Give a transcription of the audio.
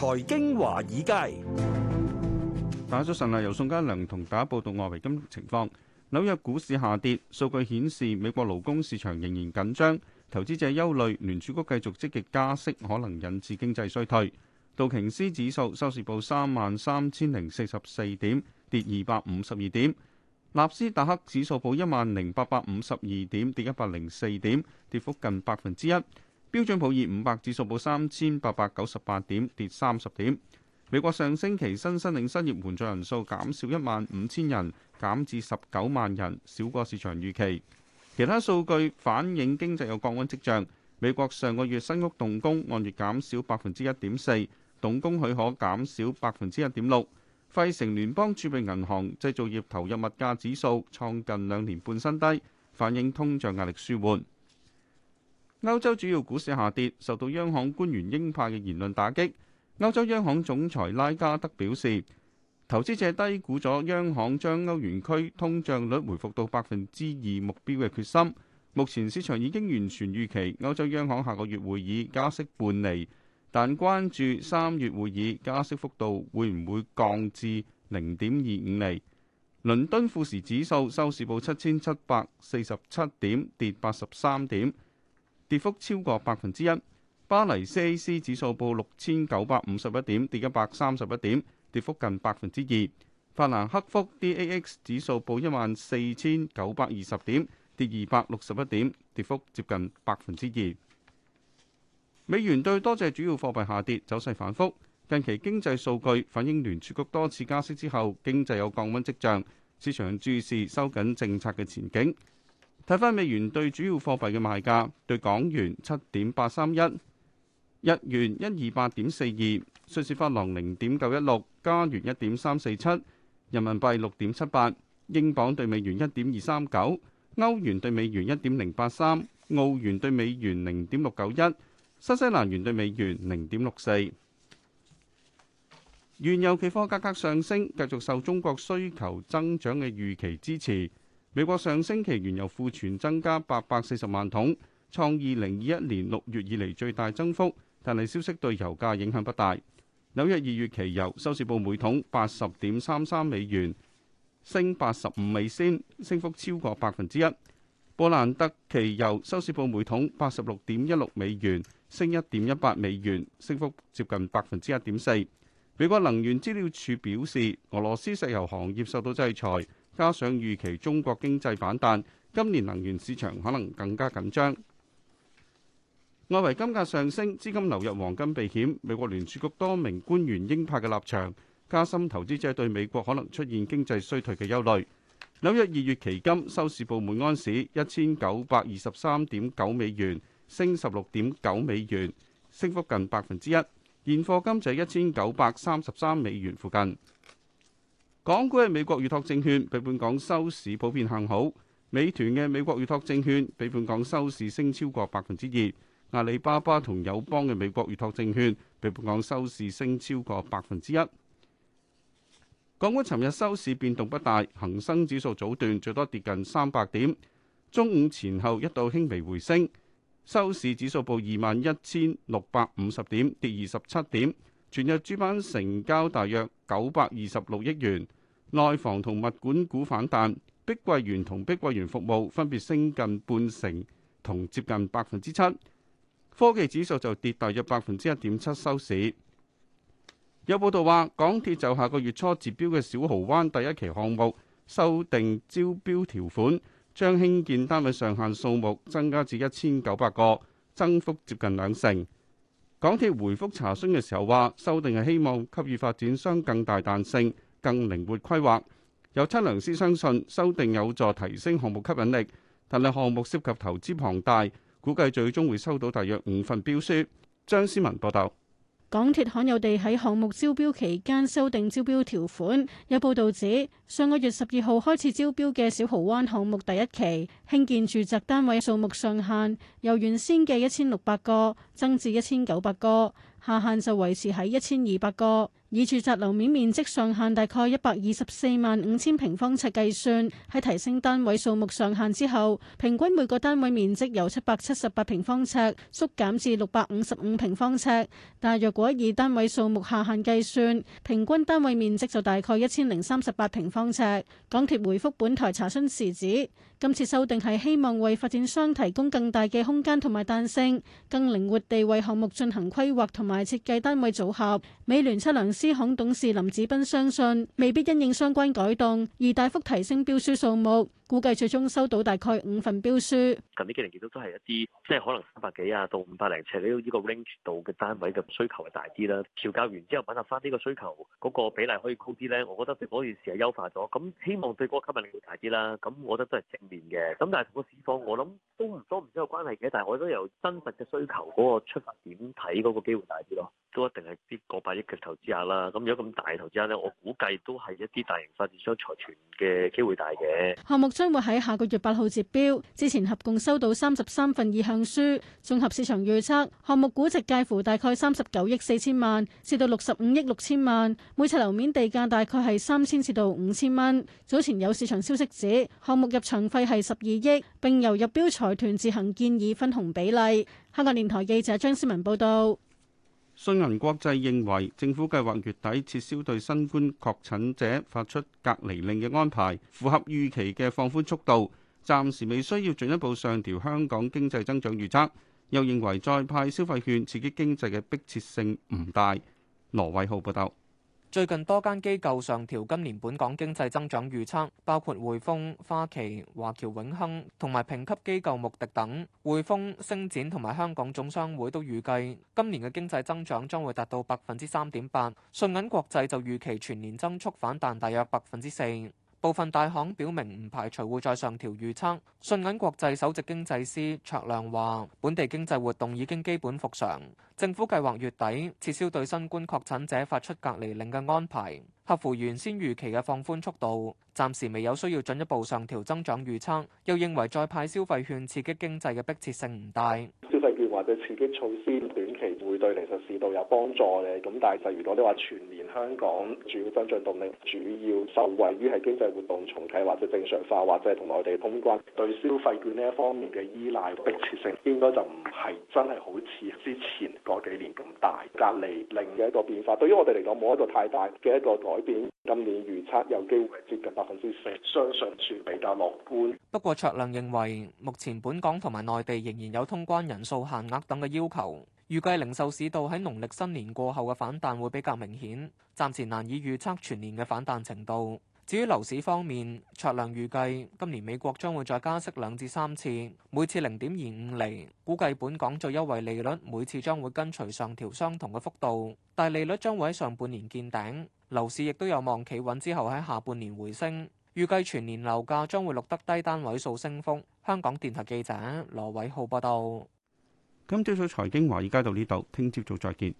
財經華爾街打咗晨啦，由宋嘉良同大家報道外圍金融情況。紐約股市下跌，數據顯示美國勞工市場仍然緊張，投資者憂慮聯儲局繼續積極，極加息，可能引致經濟衰退。道瓊斯指數收市報三萬三千零四十四點，跌二百五十二點；納斯達克指數報一萬零八百五十二點，跌一百零四點，跌幅近百分之一。標準普爾五百指數報三千八百九十八點，跌三十點。美國上星期新申領失業援助人數減少一萬五千人，減至十九萬人，少過市場預期。其他數據反映經濟有降溫跡象。美國上個月新屋動工按月減少百分之一點四，動工許可減少百分之一點六。費城聯邦儲備銀行製造業投入物價指數創近兩年半新低，反映通脹壓力舒緩。歐洲主要股市下跌，受到央行官員鷹派嘅言論打擊。歐洲央行總裁拉加德表示，投資者低估咗央行將歐元區通脹率回復到百分之二目標嘅決心。目前市場已經完全預期歐洲央行下個月會議加息半厘，但關注三月會議加息幅度會唔會降至零點二五厘。倫敦富時指數收市報七千七百四十七點，跌八十三點。跌幅超過百分之一。巴黎 CAC 指數報六千九百五十一點，跌一百三十一點，跌幅近百分之二。法蘭克福 DAX 指數報一萬四千九百二十點，跌二百六十一點，跌幅接近百分之二。美元對多隻主要貨幣下跌，走勢反覆。近期經濟數據反映聯儲局多次加息之後，經濟有降温跡象，市場注視收緊政策嘅前景。睇翻美元對主要貨幣嘅賣價，對港元七點八三一，日元一二八點四二，瑞士法郎零點九一六，加元一點三四七，人民幣六點七八，英鎊對美元一點二三九，歐元對美元一點零八三，澳元對美元零點六九一，新西蘭元對美元零點六四。原油期貨價格上升，繼續受中國需求增長嘅預期支持。美國上星期原油庫存增加八百四十萬桶，創二零二一年六月以嚟最大增幅，但係消息對油價影響不大。紐約二月期油收市報每桶八十點三三美元，升八十五美仙，升幅超過百分之一。波蘭特期油收市報每桶八十六點一六美元，升一點一八美元，升幅接近百分之一點四。美國能源資料處表示，俄羅斯石油行業受到制裁。加上預期中國經濟反彈，今年能源市場可能更加緊張。外圍金價上升，資金流入黃金避險。美國聯儲局多名官員鷹派嘅立場，加深投資者對美國可能出現經濟衰退嘅憂慮。紐約二月期金收市報每盎士一千九百二十三點九美元，升十六點九美元，升幅近百分之一。現貨金就喺一千九百三十三美元附近。港股嘅美國預託證券，比本港收市普遍向好。美團嘅美國預託證券，比本港收市升超過百分之二。阿里巴巴同友邦嘅美國預託證券，比本港收市升超過百分之一。港股尋日收市變動不大，恒生指數早段最多跌近三百點，中午前後一度輕微回升，收市指數報二萬一千六百五十點，跌二十七點。全日主板成交大約九百二十六億元。內房同物管股反彈，碧桂園同碧桂園服務分別升近半成同接近百分之七。科技指數就跌大約百分之一點七收市。有報道話，港鐵就下個月初截標嘅小蠔灣第一期項目修訂招標條款，將興建單位上限數目增加至一千九百個，增幅接近兩成。港鐵回覆查詢嘅時候話，修訂係希望給予發展商更大彈性。更靈活規劃，有測量師相信修訂有助提升項目吸引力，但係項目涉及投資龐大，估計最終會收到大約五份標書。張思文報道，港鐵罕有地喺項目招標期間修訂招標條款，有報導指上個月十二號開始招標嘅小蠔灣項目第一期興建住宅單位數目上限由原先嘅一千六百個增至一千九百個，下限就維持喺一千二百個。以住宅樓面面積上限大概一百二十四萬五千平方尺計算，喺提升單位數目上限之後，平均每個單位面積由七百七十八平方尺縮減至六百五十五平方尺。但若果以單位數目下限計算，平均單位面積就大概一千零三十八平方尺。港鐵回覆本台查詢時指：今次修訂係希望為發展商提供更大嘅空間同埋彈性，更靈活地為項目進行規劃同埋設計單位組合。美聯測量師行董事林子斌相信，未必因應相關改動而大幅提升標書數目。估計最終收到大概五份標書。近呢幾年其實都都係一啲，即係可能三百幾啊到五百零尺呢呢個 range 度嘅單位嘅需求係大啲啦。調校完之後，揾下翻呢個需求嗰、嗰個比例可以高啲咧，我覺得對嗰件事係優化咗。咁希望對嗰個吸引力會大啲啦。咁我覺得都係正面嘅。咁但係個市況，我諗。都唔多唔少有關係嘅，但係我都由真實嘅需求嗰個出發點睇，嗰個機會大啲咯。都一定係啲過百億嘅投資額啦。咁如果咁大嘅投資額呢，我估計都係一啲大型發展商財團嘅機會大嘅。項目將會喺下個月八號截標，之前合共收到三十三份意向書。綜合市場預測，項目估值介乎大概三十九億四千萬至到六十五億六千萬。每尺樓面地價大概係三千至到五千蚊。早前有市場消息指，項目入場費係十二億，並由入標財團自行建議分紅比例。香港電台記者張思文報道。信銀國際認為，政府計劃月底撤銷對新冠確診者發出隔離令嘅安排，符合預期嘅放寬速度，暫時未需要進一步上調香港經濟增長預測。又認為再派消費券刺激經濟嘅迫切性唔大。羅偉浩報道。最近多間機構上調今年本港經濟增長預測，包括匯豐、花旗、華僑永亨同埋評級機構穆迪等。匯豐、星展同埋香港總商會都預計今年嘅經濟增長將會達到百分之三點八。信銀國際就預期全年增速反彈大約百分之四。部分大行表明唔排除會再上調預測，信銀國際首席經濟師卓亮話：本地經濟活動已經基本復常，政府計劃月底撤銷對新冠確診者發出隔離令嘅安排。合乎原先預期嘅放寬速度，暫時未有需要進一步上調增長預測，又認為再派消費券刺激經濟嘅迫切性唔大。消費券或者刺激措施短期會對零售市道有幫助嘅，咁但係就如果你話全年香港主要增長動力主要受惠於係經濟活動重啟或者正常化或者同內地通關，對消費券呢一方面嘅依賴迫切性應該就唔係真係好似之前嗰幾年咁大。隔離令嘅一個變化對於我哋嚟講冇一個太大嘅一個改。改。今年預測有機會接近百分之四，相信算比較樂觀。不過，卓亮認為目前本港同埋內地仍然有通關人數限額等嘅要求，預計零售市道喺農曆新年過後嘅反彈會比較明顯，暫時難以預測全年嘅反彈程度。至於樓市方面，卓亮預計今年美國將會再加息兩至三次，每次零點二五厘，估計本港最優惠利率每次將會跟隨上調相同嘅幅度，但利率將會喺上半年見頂。樓市亦都有望企穩之後喺下半年回升，預計全年樓價將會錄得低單位數升幅。香港電台記者羅偉浩報道。今朝早財經華爾街到呢度，聽朝早再見。